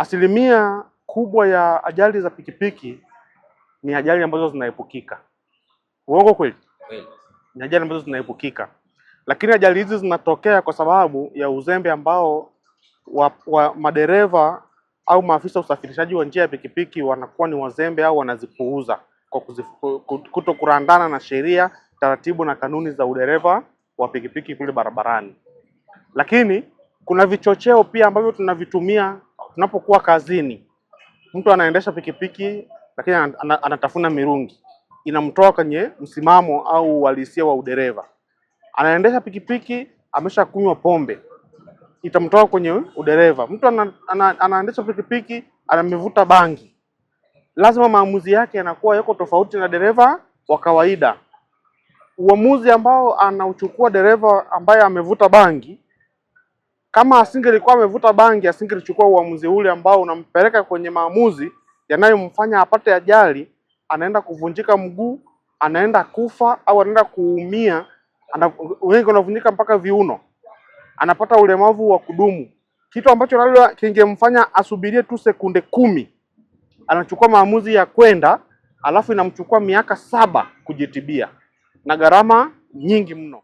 Asilimia kubwa ya ajali za pikipiki ni ajali ambazo zinaepukika. Uongo kweli? Ni ajali ambazo zinaepukika, lakini ajali hizi zinatokea kwa sababu ya uzembe ambao wa, wa madereva au maafisa usafirishaji wa njia ya pikipiki wanakuwa ni wazembe au wanazipuuza kwa kuto kurandana na sheria, taratibu na kanuni za udereva wa pikipiki kule barabarani. Lakini kuna vichocheo pia ambavyo tunavitumia tunapokuwa kazini, mtu anaendesha pikipiki lakini anatafuna mirungi, inamtoa kwenye msimamo au uhalisia wa udereva. Anaendesha pikipiki ameshakunywa pombe, itamtoa kwenye udereva. Mtu ana, ana, anaendesha pikipiki anamevuta bangi, lazima maamuzi yake yanakuwa yako tofauti na dereva wa kawaida. Uamuzi ambao anauchukua dereva ambaye amevuta bangi kama asingelikuwa amevuta bangi, asingelichukua uamuzi ule ambao unampeleka kwenye maamuzi yanayomfanya apate ajali, anaenda kuvunjika mguu, anaenda kufa au anaenda kuumia, wengi wanavunjika mpaka viuno, anapata ulemavu wa kudumu, kitu ambacho labda kingemfanya asubirie tu sekunde kumi, anachukua maamuzi ya kwenda, alafu inamchukua miaka saba kujitibia na gharama nyingi mno.